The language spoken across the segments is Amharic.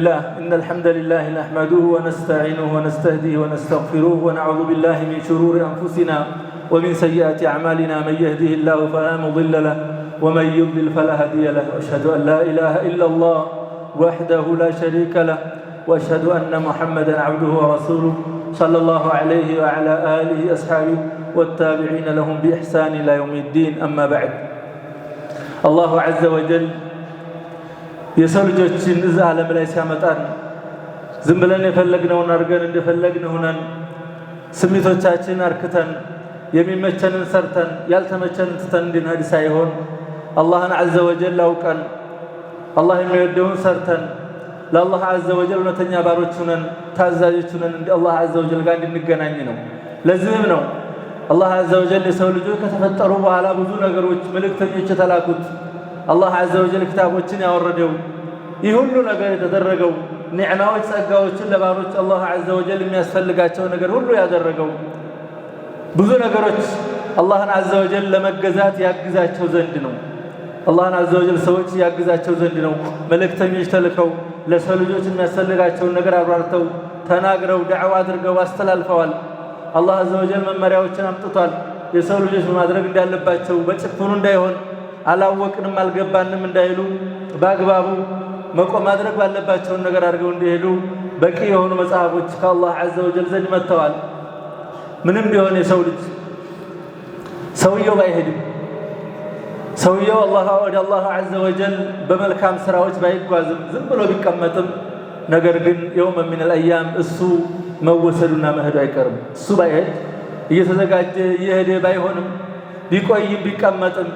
الله إن الحمد لله نحمده ونستعينه ونستهديه ونستغفره ونعوذ بالله من شرور أنفسنا ومن سيئات أعمالنا من يهده الله فلا مضل له ومن يضلل فلا هادي له أشهد أن لا إله إلا الله وحده لا شريك له وأشهد أن محمدا عبده ورسوله صلى الله عليه وعلى آله أصحابه والتابعين لهم بإحسان إلى يوم الدين أما بعد الله عز وجل የሰው ልጆችን እዛ ዓለም ላይ ሲያመጣን ዝም ብለን የፈለግነውን አድርገን እንደፈለግን ሆነን ስሜቶቻችን አርክተን የሚመቸንን ሰርተን ያልተመቸንን ትተን እንድንሄድ ሳይሆን አላህን ዐዘ ወጀል አውቀን አላህ የሚወደውን ሰርተን ለአላህ ዐዘ ወጀል እውነተኛ ባሮች ሁነን ታዛዦች ሁነን አላህ ዐዘ ወጀል ጋር እንድንገናኝ ነው። ለዚህም ነው አላህ ዐዘ ወጀል የሰው ልጆች ከተፈጠሩ በኋላ ብዙ ነገሮች መልእክተኞች የተላኩት አላህ አዘ ወጀል ክታቦችን ያወረደው ይህ ሁሉ ነገር የተደረገው ኒዕማዎች፣ ጸጋዎችን ለባሮች አላህ አዘ ወጀል የሚያስፈልጋቸው ነገር ሁሉ ያደረገው ብዙ ነገሮች አላህን አዘ ወጀል ለመገዛት ያግዛቸው ዘንድ ነው። አላህን አዘ ወጀል ሰዎች ያግዛቸው ዘንድ ነው። መልእክተኞች ተልከው ለሰው ልጆች የሚያስፈልጋቸውን ነገር አብራርተው ተናግረው ዳዕዋ አድርገው አስተላልፈዋል። አላህ አዘ ወጀል መመሪያዎችን አምጥቷል። የሰው ልጆች በማድረግ እንዳለባቸው በጭፍኑ እንዳይሆን አላወቅንም አልገባንም እንዳይሉ በአግባቡ መቆም ማድረግ ባለባቸውን ነገር አድርገው እንዲሄዱ በቂ የሆኑ መጽሐፎች ከአላህ ዐዘ ወጀል ዘንድ መጥተዋል። ምንም ቢሆን የሰው ልጅ ሰውየው ባይሄድም ሰውየው አላህ ወደ አላህ ዐዘ ወጀል በመልካም ስራዎች ባይጓዝም ዝም ብሎ ቢቀመጥም ነገር ግን የውመ ሚነል አያም እሱ መወሰዱና መሄዱ አይቀርም። እሱ ባይሄድ እየተዘጋጀ እየሄደ ባይሆንም ቢቆይም ቢቀመጥም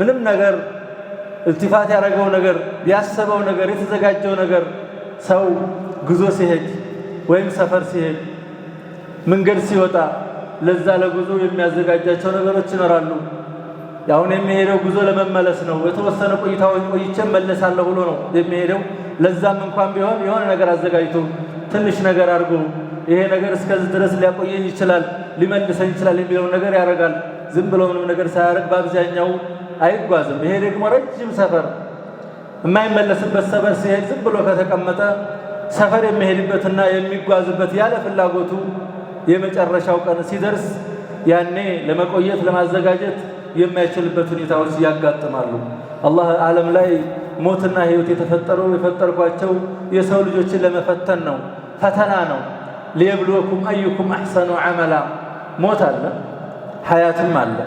ምንም ነገር እልቲፋት ያደረገው ነገር ያሰበው ነገር የተዘጋጀው ነገር ሰው ጉዞ ሲሄድ ወይም ሰፈር ሲሄድ መንገድ ሲወጣ ለዛ ለጉዞ የሚያዘጋጃቸው ነገሮች ይኖራሉ። አሁን የሚሄደው ጉዞ ለመመለስ ነው። የተወሰነ ቆይታዎች ቆይቼ መለሳለሁ ብሎ ነው የሚሄደው። ለዛም እንኳን ቢሆን የሆነ ነገር አዘጋጅቶ ትንሽ ነገር አድርጎ ይሄ ነገር እስከዚህ ድረስ ሊያቆየኝ ይችላል፣ ሊመልሰኝ ይችላል የሚለውን ነገር ያደርጋል። ዝም ብሎ ምንም ነገር ሳያደርግ በአብዛኛው አይጓዝም። ይሄ ደግሞ ረጅም ሰፈር የማይመለስበት ሰፈር ሲሄድ ዝም ብሎ ከተቀመጠ ሰፈር የሚሄድበትና የሚጓዝበት ያለ ፍላጎቱ የመጨረሻው ቀን ሲደርስ ያኔ ለመቆየት ለማዘጋጀት የማይችልበት ሁኔታዎች ያጋጥማሉ። አላህ ዓለም ላይ ሞትና ህይወት የተፈጠረው የፈጠርኳቸው የሰው ልጆችን ለመፈተን ነው። ፈተና ነው። ሊየብልወኩም አዩኩም አሕሰኑ ዓመላ። ሞት አለ፣ ሀያትም አለ፣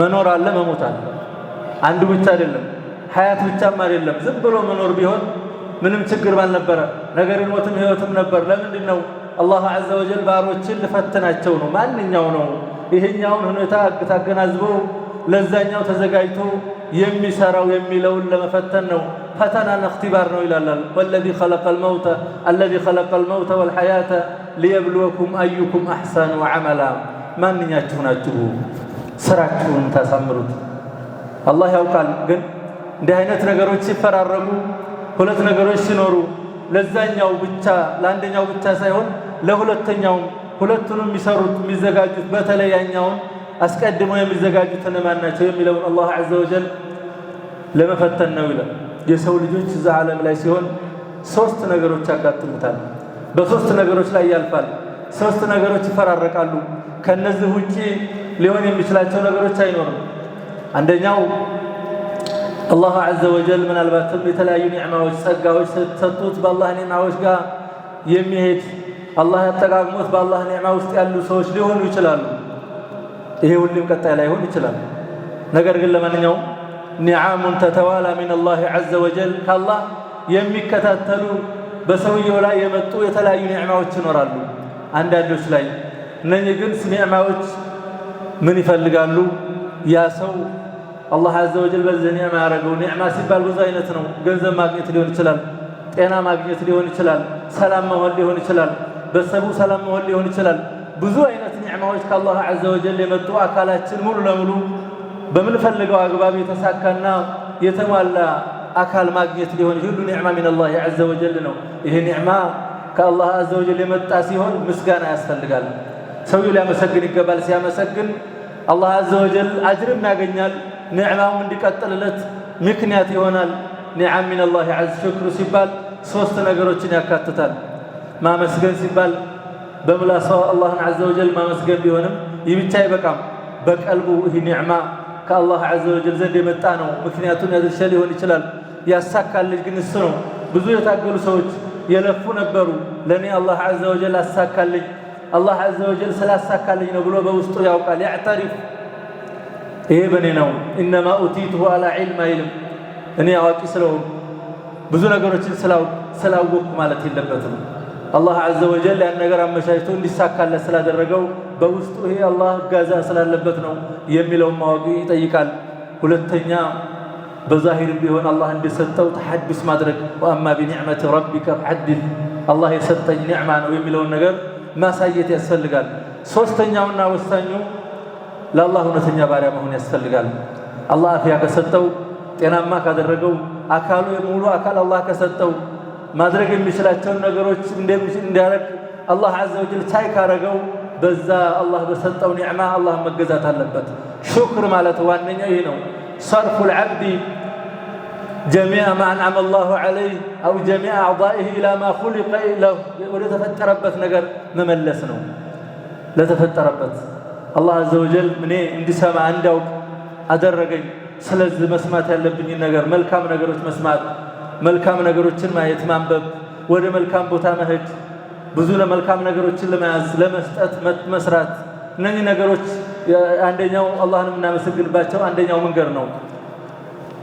መኖር አለ፣ መሞት አለ። አንዱ ብቻ አይደለም፣ ሀያት ብቻም አይደለም። ዝም ብሎ መኖር ቢሆን ምንም ችግር ባልነበረ፣ ነገር ግን ሞትም ህይወትም ነበር። ለምንድን ነው አላህ ዐዘ ወጀል ባሮችን ልፈትናቸው ነው። ማንኛው ነው ይሄኛውን ሁኔታ ታገናዝበው ለዛኛው ተዘጋጅቶ የሚሰራው የሚለውን ለመፈተን ነው። ፈተናን እክትባር ነው ይላላል። ወለዚ ኸለቀል መውተ አለዚ ኸለቀል መውተ ወልሐያተ ሊየብልወኩም አዩኩም አሕሰኑ ዐመላ። ማንኛችሁ ናችሁ ስራችሁን ታሳምሩት አላህ ያውቃል። ግን እንዲህ አይነት ነገሮች ሲፈራረቁ፣ ሁለት ነገሮች ሲኖሩ ለዛኛው ብቻ ለአንደኛው ብቻ ሳይሆን ለሁለተኛውም ሁለቱንም የሚሰሩት የሚዘጋጁት በተለይ ያኛውን አስቀድመው የሚዘጋጁት እነማን ናቸው የሚለውን አላህ ዐዘ ወጀል ለመፈተን ነው ይላል። የሰው ልጆች እዛ ዓለም ላይ ሲሆን ሶስት ነገሮች ያጋጥሙታል። በሶስት ነገሮች ላይ ያልፋል። ሶስት ነገሮች ይፈራረቃሉ። ከነዚህ ውጪ ሊሆን የሚችላቸው ነገሮች አይኖርም። አንደኛው አላህ አዘ ወጀል ምናልባትም የተለያዩ ኒዕማዎች፣ ጸጋዎች ሰጡት በአላህ ኒዕማዎች ጋር የሚሄድ አላህ ያጠቃቅሞት በአላህ ኒዕማ ውስጥ ያሉ ሰዎች ሊሆኑ ይችላሉ። ይሄ ሁሌም ቀጣይ ላይሆን ይችላል። ነገር ግን ለማንኛውም ኒዓሙን ተተዋላ ሚን አላህ ዐዘ ወጀል ከአላህ የሚከታተሉ በሰውየው ላይ የመጡ የተለያዩ ኒዕማዎች ይኖራሉ አንዳንዶች ላይ እነኚህ ግን ኒዕማዎች ምን ይፈልጋሉ? ያ ሰው አላህ አዘወጀል በዚህ ኒዕማ ያደረገው ኒዕማ ሲባል ብዙ አይነት ነው። ገንዘብ ማግኘት ሊሆን ይችላል፣ ጤና ማግኘት ሊሆን ይችላል፣ ሰላም መሆን ሊሆን ይችላል፣ በሰቡ ሰላም መሆን ሊሆን ይችላል። ብዙ አይነት ኒዕማዎች ከአላህ አዘወጀል የመጡ አካላችን ሙሉ ለሙሉ በምንፈልገው አግባብ የተሳካና የተሟላ አካል ማግኘት ሊሆን ሁሉ ኒዕማ ሚነላህ አዘወጀል ነው። ይህ ኒዕማ ከአላህ አዘወጀል የመጣ ሲሆን ምስጋና ያስፈልጋል። ሰውየው ሊያመሰግን ይገባል። ሲያመሰግን አላህ አዘወጀል አጅርም ያገኛል። ኒዕማውም እንዲቀጥልለት ምክንያት ይሆናል። ኒዓም ሚነላሂ ዐዝ ሽክሩ ሲባል ሶስት ነገሮችን ያካትታል። ማመስገን ሲባል በምላሷ አላህን አዘወጀል ማመስገን ቢሆንም ይህ ብቻ አይበቃም። በቀልቡ ይህ ኒዕማ ከአላህ አዘወጀል ዘንድ የመጣ ነው። ምክንያቱን ያደርሸ ሊሆን ይችላል። ያሳካልኝ ግን እሱ ነው። ብዙ የታገሉ ሰዎች የለፉ ነበሩ። ለእኔ አላህ አዘወጀል አሳካልኝ አላህ አዘ ወጀል ስላሳካልኝ ነው ብሎ በውስጡ ያውቃል። ያዕተሪፍ ይሄ በእኔ ነው። ኢነማ ኡቲትሁ አላ ዒልም አይልም። እኔ አዋቂ ስለሆን ብዙ ነገሮችን ስላወቅኩ ማለት የለበትም። አላህ አዘ ወጀል ያን ነገር አመቻችቶ እንዲሳካለት ስላደረገው በውስጡ ይሄ አላህ እገዛ ስላለበት ነው የሚለውን ማወቅ ይጠይቃል። ሁለተኛ በዛሂርም ቢሆን አላህ እንደሰጠው ተሐዱስ ማድረግ ወአማ ቢኒዕመቲ ረቢከ ፈሐዲስ አላህ የሰጠኝ ኒዕማ ነው የሚለውን ነገር ማሳየት ያስፈልጋል። ሶስተኛውና ወሳኙ ለአላህ እውነተኛ ባሪያ መሆን ያስፈልጋል። አላህ አፍያ ከሰጠው ጤናማ ካደረገው አካሉ የሙሉ አካል አላህ ከሰጠው ማድረግ የሚችላቸውን ነገሮች እንዲያደርግ አላህ ዐዘ ወጀል ቻይ ካረገው በዛ አላህ በሰጠው ኒዕማ አላህ መገዛት አለበት። ሹክር ማለት ዋነኛው ይህ ነው። ሰርፉል ዐብዲ ጀሚዕ ማ አንዓመ ላሁ ዓለይህ አው ጀሚዕ አዕዳኢህ ኢላ ማ ኹሊቀ ለሁ ወደ ተፈጠረበት ነገር መመለስ ነው። ለተፈጠረበት አላህ አዘ ወጀል እኔ እንዲሰማ እንዳውቅ አደረገኝ። ስለዚህ መስማት ያለብኝን ነገር መልካም ነገሮች መስማት፣ መልካም ነገሮችን ማየት፣ ማንበብ፣ ወደ መልካም ቦታ መሄድ፣ ብዙ ለመልካም ነገሮችን ለመያዝ ለመስጠት መስራት። እነዚህ ነገሮች አንደኛው አላህን የምናመሰግንባቸው አንደኛው መንገድ ነው።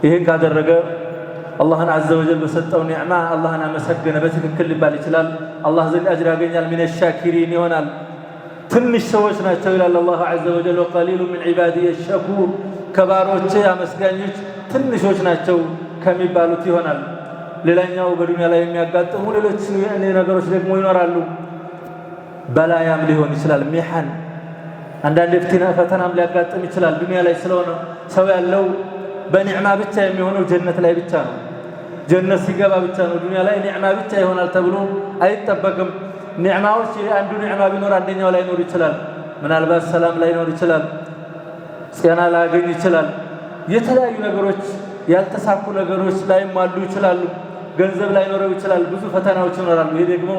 ይህን ካደረገ አላህን አዘ ወጀል በሰጠው ኒዕማ አላህን አመሰገነ በትክክል ሊባል ይችላል። አላህ ዘንድ አጅር ያገኛል። ሚነ ሻኪሪን ይሆናል። ትንሽ ሰዎች ናቸው ይላል አላሁ አዘ ወጀል ወቀሊሉ ሚን ዒባዲየ ሸኩር፣ ከባሮቼ አመስጋኞች ትንሾች ናቸው ከሚባሉት ይሆናል። ሌላኛው በዱንያ ላይ የሚያጋጥሙ ሌሎች ነገሮች ደግሞ ይኖራሉ። በላያም ሊሆን ይችላል ሚሐን፣ አንዳንድ ፈተናም ሊያጋጥም ይችላል። ዱንያ ላይ ስለሆነ ሰው ያለው በኒዕማ ብቻ የሚሆነው ጀነት ላይ ብቻ ነው። ጀነት ሲገባ ብቻ ነው። ዱንያ ላይ ኒዕማ ብቻ ይሆናል ተብሎ አይጠበቅም። ኒዕማዎች አንዱ ኒዕማ ቢኖር አንደኛው ላይኖር ይችላል። ምናልባት ሰላም ላይኖር ይችላል። ጤና ላያገኝ ይችላል። የተለያዩ ነገሮች ያልተሳኩ ነገሮች ላይም አሉ ይችላሉ። ገንዘብ ላይኖረው ይችላል። ብዙ ፈተናዎች ይኖራሉ። ይሄ ደግሞ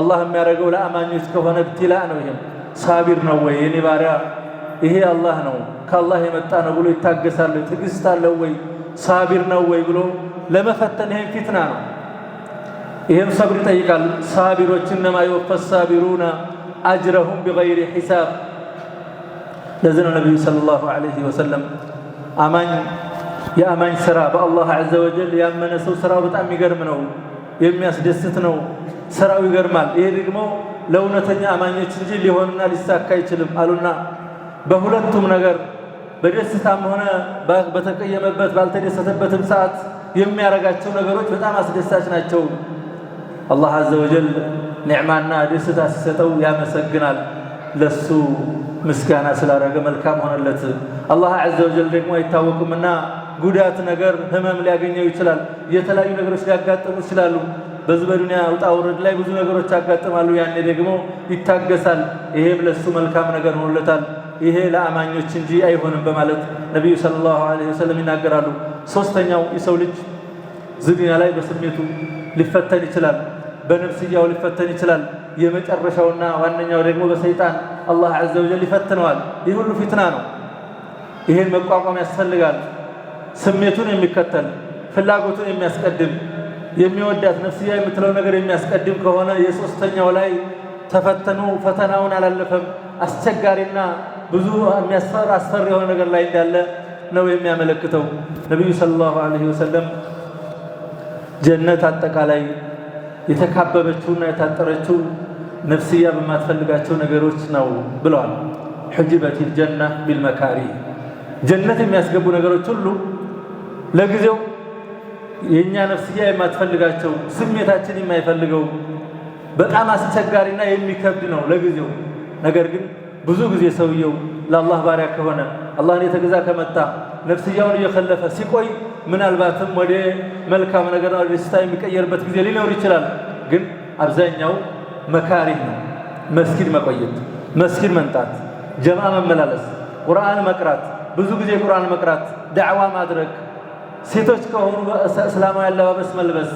አላህ የሚያደርገው ለአማኞች ከሆነ ብትላ ነው። ይሄም ሳቢር ነው ወይ የኔ ባሪያ ይሄ አላህ ነው ከአላህ የመጣ ነው ብሎ ይታገሳል። ትዕግስት አለው ወይ ሳቢር ነው ወይ ብሎ ለመፈተን ይሄም ፊትና ነው። ይሄም ሰብር ይጠይቃል። ሳቢሮች እነማ ይወፋ ሳቢሩና አጅረሁም ቢገይሪ ሒሳብ። ለዚህ ነው ነቢዩ ሰለላሁ ዐለይሂ ወሰለም አማኝ የአማኝ ስራ በአላህ ዐዘ ወጀል ያመነ ሰው ስራው በጣም ይገርም ነው፣ የሚያስደስት ነው። ስራው ይገርማል። ይሄ ደግሞ ለእውነተኛ አማኞች እንጂ ሊሆንና ሊሳካ አይችልም አሉና በሁለቱም ነገር በደስታም ሆነ በተቀየመበት ባልተደሰተበትም ሰዓት የሚያረጋቸው ነገሮች በጣም አስደሳች ናቸው። አላህ አዘ ወጀል ኒዕማና ደስታ ሲሰጠው ያመሰግናል። ለሱ ምስጋና ስላደረገ መልካም ሆነለት። አላህ አዘ ወጀል ደግሞ አይታወቅምና ጉዳት ነገር ህመም ሊያገኘው ይችላል። የተለያዩ ነገሮች ሊያጋጥሙ ይችላሉ። በዚህ በዱንያ ውጣ ውረድ ላይ ብዙ ነገሮች ያጋጥማሉ። ያኔ ደግሞ ይታገሳል። ይሄም ለሱ መልካም ነገር ሆኖለታል። ይሄ ለአማኞች እንጂ አይሆንም በማለት ነቢዩ ሰለላሁ ዐለይሂ ወሰለም ይናገራሉ። ሶስተኛው የሰው ልጅ ዝድያ ላይ በስሜቱ ሊፈተን ይችላል፣ በነፍስያው ሊፈተን ይችላል። የመጨረሻውና ዋነኛው ደግሞ በሰይጣን አላህ ዐዘ ወጀል ይፈትነዋል። ይህ ሁሉ ፊትና ነው። ይህን መቋቋም ያስፈልጋል። ስሜቱን የሚከተል ፍላጎቱን የሚያስቀድም የሚወዳት ነፍስያ የምትለው ነገር የሚያስቀድም ከሆነ የሶስተኛው ላይ ተፈተኑ ፈተናውን አላለፈም አስቸጋሪና ብዙ የሚያስፈራ አስፈሪ የሆነ ነገር ላይ እንዳለ ነው የሚያመለክተው። ነቢዩ ሰለላሁ ዐለይሂ ወሰለም ጀነት አጠቃላይ የተካበበችውና የታጠረችው ነፍስያ በማትፈልጋቸው ነገሮች ነው ብለዋል። ሑጅበቲል ጀና ቢልመካሪ ጀነት የሚያስገቡ ነገሮች ሁሉ ለጊዜው የእኛ ነፍስያ የማትፈልጋቸው ስሜታችን የማይፈልገው በጣም አስቸጋሪና የሚከብድ ነው ለጊዜው ነገር ግን ብዙ ጊዜ ሰውየው ለአላህ ባሪያ ከሆነ አላህን የተገዛ ከመጣ ነፍስያውን እየከለፈ ሲቆይ ምናልባትም ወደ መልካም ነገር ወደ ደስታ የሚቀየርበት ጊዜ ሊኖር ይችላል። ግን አብዛኛው መካሪህ ነው። መስጊድ መቆየት፣ መስጊድ መንጣት ጀማ መመላለስ፣ ቁርአን መቅራት፣ ብዙ ጊዜ ቁርአን መቅራት፣ ዳዕዋ ማድረግ፣ ሴቶች ከሆኑ እስላማዊ አለባበስ መልበስ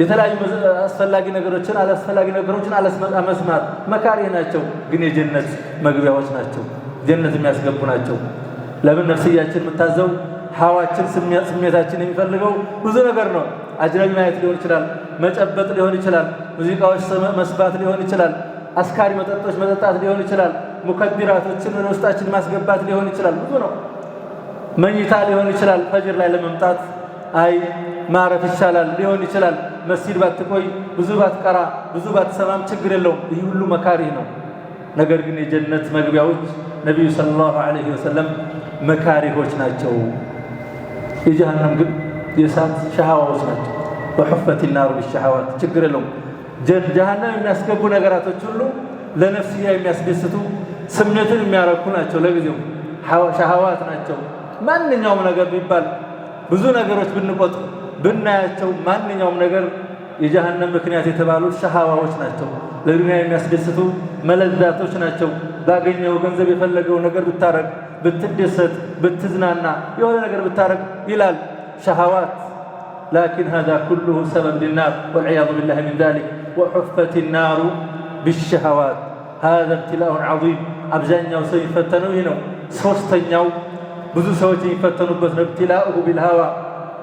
የተለያዩ አስፈላጊ ነገሮችን አላስፈላጊ ነገሮችን አለመስማት መካሪ ናቸው፣ ግን የጀነት መግቢያዎች ናቸው። ጀነት የሚያስገቡ ናቸው። ለምን ነፍስያችን የምታዘው ሀዋችን ስሜታችን የሚፈልገው ብዙ ነገር ነው። አጅነቢ ማየት ሊሆን ይችላል፣ መጨበጥ ሊሆን ይችላል፣ ሙዚቃዎች መስባት ሊሆን ይችላል፣ አስካሪ መጠጦች መጠጣት ሊሆን ይችላል፣ ሙከቢራቶችን ወደ ውስጣችን ማስገባት ሊሆን ይችላል። ብዙ ነው። መኝታ ሊሆን ይችላል። ፈጅር ላይ ለመምጣት አይ ማረፍ ይቻላል ሊሆን ይችላል። መስጊድ ባትቆይ ብዙ ባትቀራ ብዙ ባትሰማም ችግር የለውም። ይህ ሁሉ መካሪ ነው። ነገር ግን የጀነት መግቢያዎች ነቢዩ ሰለላሁ ዐለይሂ ወሰለም መካሪሆች ናቸው። የጀሃነም ግን የእሳት ሸሃዋዎች ናቸው። በሑፈት ናሩ ሸሃዋት ችግር የለውም። ጀሃነም የሚያስገቡ ነገራቶች ሁሉ ለነፍስያ የሚያስደስቱ ስሜትን የሚያረኩ ናቸው። ለጊዜው ሸሃዋት ናቸው። ማንኛውም ነገር ቢባል ብዙ ነገሮች ብንቆጥ ብናያቸው ማንኛውም ነገር የጀሃነም ምክንያት የተባሉ ሸሃዋዎች ናቸው። ለዱንያ የሚያስደስቱ መለዛቶች ናቸው። ባገኘው ገንዘብ የፈለገው ነገር ብታረግ፣ ብትደሰት፣ ብትዝናና፣ የሆነ ነገር ብታረግ ይላል ሸሃዋት። ላኪን ሃዛ ኩሉሁ ሰበብ ሊናር ወልዕያዙ ቢላሂ ሚን ዛሊክ ወሑፈት ናሩ ብሸሃዋት ሃዛ ብትላኡን ዐዚም። አብዛኛው ሰው ይፈተነው ይህ ነው። ሶስተኛው ብዙ ሰዎች የሚፈተኑበት ነው። ኢብትላኡሁ ቢልሃዋ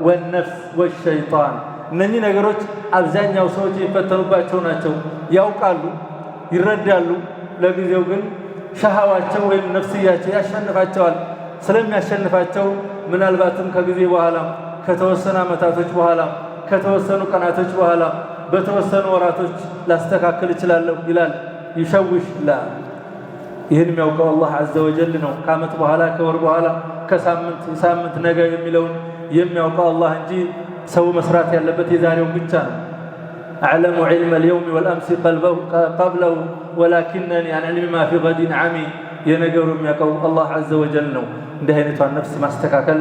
ወነፍስ ወሸይጣን እነኚህ ነገሮች አብዛኛው ሰዎች የሚፈተኑባቸው ናቸው። ያውቃሉ፣ ይረዳሉ። ለጊዜው ግን ሸሃዋቸው ወይም ነፍስያቸው ያሸንፋቸዋል። ስለሚያሸንፋቸው ምናልባትም ከጊዜ በኋላ ከተወሰኑ ዓመታቶች በኋላ ከተወሰኑ ቀናቶች በኋላ በተወሰኑ ወራቶች ላስተካክል እችላለሁ ይላል። ይሸውሽ ላ ይህን የሚያውቀው አላህ አዘ ወጀል ነው። ከዓመት በኋላ ከወር በኋላ ከሳምንት ሳምንት ነገ የሚለውን የሚያውቀው አላህ እንጂ ሰው መስራት ያለበት የዛሬው ብቻ ነው። አዕለሙ ዒልመ ልየውሚ ወልአምሲ ቀብለው ወላኪነኒ አን ዕልሚ ማ ፊ ገዲን ዓሚ የነገሩ የሚያውቀው አላህ አዘ ወጀል ነው። እንዲህ አይነቷን ነፍስ ማስተካከል፣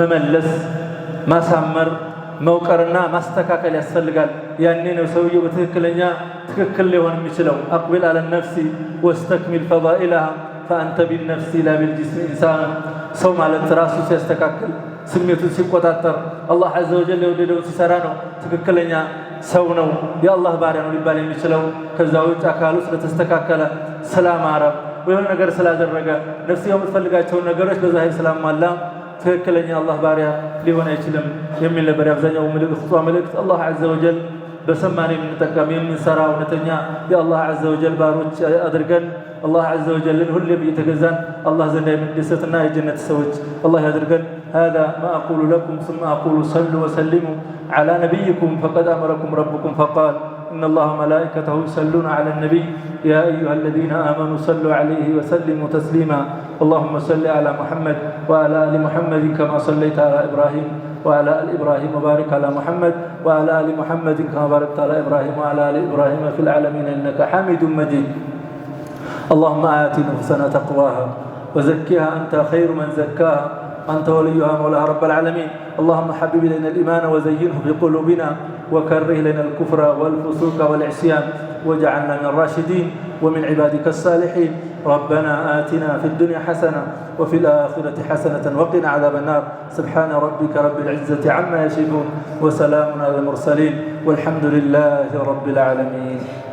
መመለስ፣ ማሳመር መውቀርና ማስተካከል ያስፈልጋል። ያኔ ነው ሰውየው በትክክለኛ ትክክል ሊሆን የሚችለው። አቅቢል አለ ነፍሲ ወስተክሚል ፈዳኢልሃ ፈአንተ ቢልነፍሲ ላ ኢንሳን። ሰው ማለት ራሱ ሲያስተካክል፣ ስሜቱን ሲቆጣጠር፣ አላህ ዐዘ ወጀል የወደደውን ሲሰራ ነው ትክክለኛ ሰው ነው የአላህ ባሪያ ነው ሊባል የሚችለው። ከዛ ውጭ አካሉ ስለተስተካከለ ስላማረ፣ የሆነ ነገር ስላደረገ ነፍስየው የምትፈልጋቸውን ነገሮች በዛ ስላሟላ ትክክለኛ አላህ ባሪያ ሊሆን አይችልም የሚል ነበር የአብዛኛው ኹጥባ መልእክት። አላህ ዐዘ ወጀል በሰማን የምንጠቀም የምንሰራ እውነተኛ የአላህ ዐዘ ወጀል ባሮች አድርገን አላህ ዐዘ ወጀልን ሁሌም እየተገዛን አላህ ዘንዳ የምንደሰትና የጀነት ሰዎች አላህ ያድርገን። ሃዛ ማ አቁሉ ለኩም ሱመ አቁሉ ሰሉ ወሰሊሙ ዐላ ነቢይኩም ፈቀድ አመረኩም ረብኩም ፈቃል إن الله ملائكته يصلون على النبي يا أيها الذين آمنوا صلوا عليه وسلموا تسليما اللهم صل على محمد وعلى آل محمد كما صليت على إبراهيم وعلى آل إبراهيم وبارك على محمد وعلى آل محمد كما باركت على إبراهيم وعلى آل إبراهيم في العالمين إنك حميد مجيد اللهم آت نفسنا تقواها وزكها أنت خير من زكاها أنت وليها مولاها رب العالمين اللهم حبب إلينا الإيمان وزينه في قلوبنا وكره إلينا الكفر والفسوق والعصيان واجعلنا من الراشدين ومن عبادك الصالحين ربنا آتنا في الدنيا حسنة وفي الآخرة حسنة وقنا عذاب النار سبحان ربك رب العزة عما يصفون وسلام على المرسلين والحمد لله رب العالمين